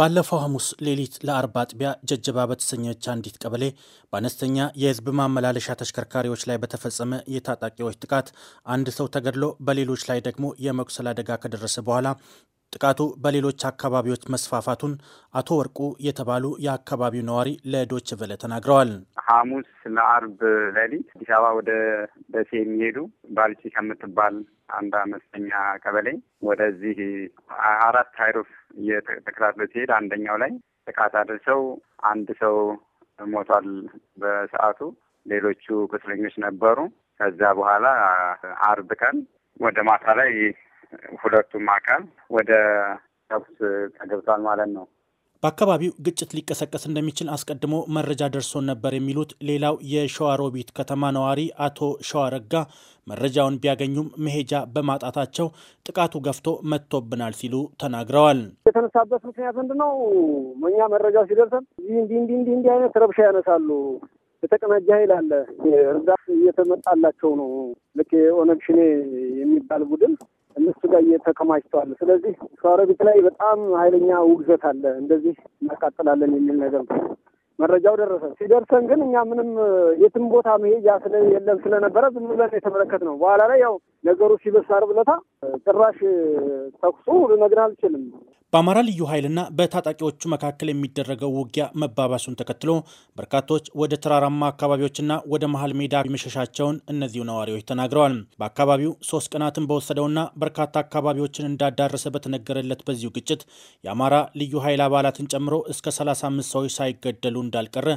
ባለፈው ሐሙስ ሌሊት ለአርባ አጥቢያ ጀጀባ በተሰኘች አንዲት ቀበሌ በአነስተኛ የህዝብ ማመላለሻ ተሽከርካሪዎች ላይ በተፈጸመ የታጣቂዎች ጥቃት አንድ ሰው ተገድሎ በሌሎች ላይ ደግሞ የመቁሰል አደጋ ከደረሰ በኋላ ጥቃቱ በሌሎች አካባቢዎች መስፋፋቱን አቶ ወርቁ የተባሉ የአካባቢው ነዋሪ ለዶች ቨለ ተናግረዋል። ሐሙስ ለአርብ ሌሊት አዲስ አበባ ወደ ደሴ የሚሄዱ ባልቺ ከምትባል አንድ አነስተኛ ቀበሌ ወደዚህ አራት ሃይሮፍ እየተከታተሉ ሲሄድ አንደኛው ላይ ጥቃት አድርሰው አንድ ሰው ሞቷል። በሰዓቱ ሌሎቹ ቁስለኞች ነበሩ። ከዛ በኋላ አርብ ቀን ወደ ማታ ላይ ሁለቱም አካል ወደ ተኩስ ተገብቷል ማለት ነው። በአካባቢው ግጭት ሊቀሰቀስ እንደሚችል አስቀድሞ መረጃ ደርሶን ነበር የሚሉት ሌላው የሸዋሮቢት ከተማ ነዋሪ አቶ ሸዋረጋ መረጃውን ቢያገኙም መሄጃ በማጣታቸው ጥቃቱ ገፍቶ መጥቶብናል ሲሉ ተናግረዋል። የተነሳበት ምክንያት ነው? እኛ መረጃ ሲደርሰን ይህ እንዲህ እንዲህ እንዲህ እንዲህ አይነት ረብሻ ያነሳሉ የተቀናጀ ኃይል አለ፣ እርዳታ እየተመጣላቸው ነው። ልክ ኦነግ ሽኔ የሚባል ቡድን እነሱ ጋር እየተከማችተዋል። ስለዚህ ሰረቢት ላይ በጣም ኃይለኛ ውግዘት አለ። እንደዚህ እናቃጥላለን የሚል ነገር መረጃው ደረሰ። ሲደርሰን ግን እኛ ምንም የትም ቦታ መሄጃ ስለ የለም ስለነበረ ዝም ብለን የተመለከት ነው። በኋላ ላይ ያው ነገሩ ሲበስ ብለታ ጭራሽ ተኩሱ ልነግር አልችልም። በአማራ ልዩ ኃይልና በታጣቂዎቹ መካከል የሚደረገው ውጊያ መባባሱን ተከትሎ በርካቶች ወደ ተራራማ አካባቢዎችና ወደ መሀል ሜዳ መሸሻቸውን እነዚሁ ነዋሪዎች ተናግረዋል። በአካባቢው ሶስት ቀናትን በወሰደውና በርካታ አካባቢዎችን እንዳዳረሰ በተነገረለት በዚሁ ግጭት የአማራ ልዩ ኃይል አባላትን ጨምሮ እስከ 35 ሰዎች ሳይገደሉ እንዳልቀረ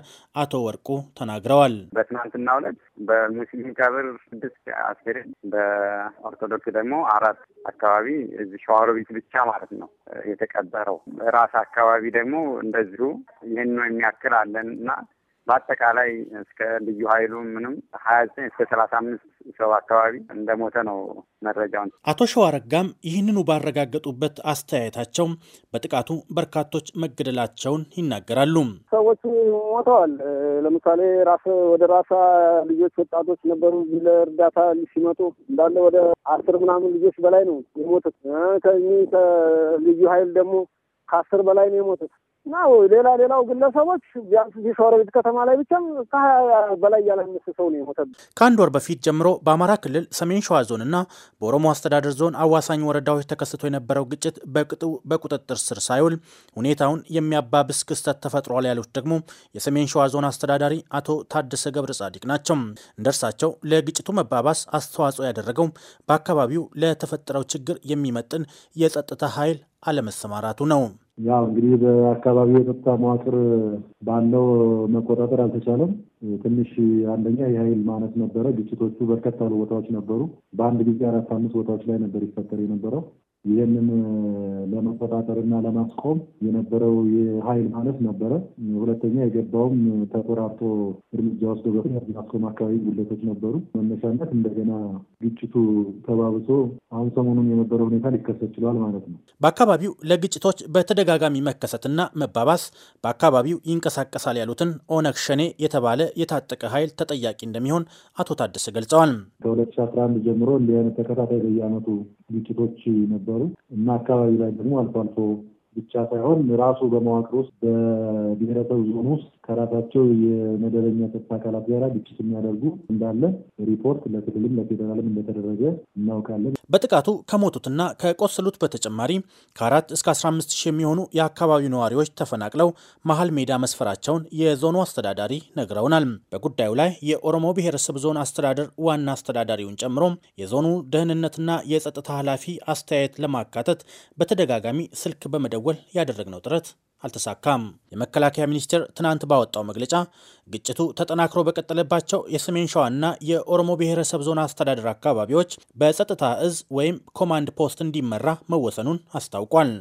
አቶ ወርቁ ተናግረዋል። በትናንትና ሁለት በሙስሊም ቀብር ስድስት አስከሬን በኦርቶዶክስ ደግሞ አራት ሰዓት አካባቢ እዚህ ሸዋሮቢት ብቻ ማለት ነው የተቀበረው። ራስ አካባቢ ደግሞ እንደዚሁ ይህን ነው የሚያክል አለን እና በአጠቃላይ እስከ ልዩ ኃይሉ ምንም ሀያ ዘጠኝ እስከ ሰላሳ አምስት ሰው አካባቢ እንደሞተ ነው መረጃውን። አቶ ሸዋረጋም ይህንኑ ባረጋገጡበት አስተያየታቸው በጥቃቱ በርካቶች መገደላቸውን ይናገራሉ። ሰዎች ሞተዋል። ለምሳሌ ራስ ወደ ራሳ ልጆች ወጣቶች ነበሩ ለእርዳታ ሲመጡ እንዳለ ወደ አስር ምናምን ልጆች በላይ ነው የሞቱት። ከ ከልዩ ኃይል ደግሞ ከአስር በላይ ነው የሞቱት። እና ሌላ ሌላው ግለሰቦች ቢያንስ እዚህ ሸዋሮቢት ከተማ ላይ ብቻም ከሀያ በላይ ያለንስ ሰው ነው የሞተብን። ከአንድ ወር በፊት ጀምሮ በአማራ ክልል ሰሜን ሸዋ ዞን እና በኦሮሞ አስተዳደር ዞን አዋሳኝ ወረዳዎች ተከስቶ የነበረው ግጭት በቅጡ በቁጥጥር ስር ሳይውል ሁኔታውን የሚያባብስ ክስተት ተፈጥሯል ያሉት ደግሞ የሰሜን ሸዋ ዞን አስተዳዳሪ አቶ ታደሰ ገብረ ጻዲቅ ናቸው። እንደ እርሳቸው ለግጭቱ መባባስ አስተዋጽኦ ያደረገው በአካባቢው ለተፈጠረው ችግር የሚመጥን የጸጥታ ኃይል አለመሰማራቱ ነው። ያው እንግዲህ በአካባቢው የጸጥታ መዋቅር ባለው መቆጣጠር አልተቻለም። ትንሽ አንደኛ የኃይል ማነት ነበረ። ግጭቶቹ በርከት ያሉ ቦታዎች ነበሩ። በአንድ ጊዜ አራት አምስት ቦታዎች ላይ ነበር ይፈጠር የነበረው። ይህንን ለመቆጣጠርና ለማስቆም የነበረው የሀይል ማለት ነበረ። ሁለተኛ የገባውም ተቆራርጦ እርምጃ ወስዶ ማስቆም አካባቢ ጉለቶች ነበሩ። መነሻነት እንደገና ግጭቱ ተባብሶ አሁን ሰሞኑን የነበረው ሁኔታ ሊከሰት ችሏል ማለት ነው። በአካባቢው ለግጭቶች በተደጋጋሚ መከሰትና መባባስ በአካባቢው ይንቀሳቀሳል ያሉትን ኦነግ ሸኔ የተባለ የታጠቀ ኃይል ተጠያቂ እንደሚሆን አቶ ታደሰ ገልጸዋል። ከሁለት ሺህ አስራ አንድ ጀምሮ እንዲህ አይነት ተከታታይ በየአመቱ ግጭቶች ነበሩ እና አካባቢ ላይ ደግሞ አልፎ አልፎ ብቻ ሳይሆን ራሱ በመዋቅር ውስጥ በብሔረሰብ ዞን ውስጥ ከራሳቸው የመደበኛ ጸጥታ አካላት ጋር ግጭት የሚያደርጉ እንዳለ ሪፖርት ለክልልም ለፌዴራልም እንደተደረገ እናውቃለን። በጥቃቱ ከሞቱትና ከቆሰሉት በተጨማሪ ከአራት እስከ አምስት ሺህ የሚሆኑ የአካባቢው ነዋሪዎች ተፈናቅለው መሀል ሜዳ መስፈራቸውን የዞኑ አስተዳዳሪ ነግረውናል። በጉዳዩ ላይ የኦሮሞ ብሔረሰብ ዞን አስተዳደር ዋና አስተዳዳሪውን ጨምሮ የዞኑ ደህንነትና የጸጥታ ኃላፊ አስተያየት ለማካተት በተደጋጋሚ ስልክ በመደ ለመደወል ያደረግነው ጥረት አልተሳካም። የመከላከያ ሚኒስቴር ትናንት ባወጣው መግለጫ ግጭቱ ተጠናክሮ በቀጠለባቸው የሰሜን ሸዋና የኦሮሞ ብሔረሰብ ዞን አስተዳደር አካባቢዎች በጸጥታ እዝ ወይም ኮማንድ ፖስት እንዲመራ መወሰኑን አስታውቋል።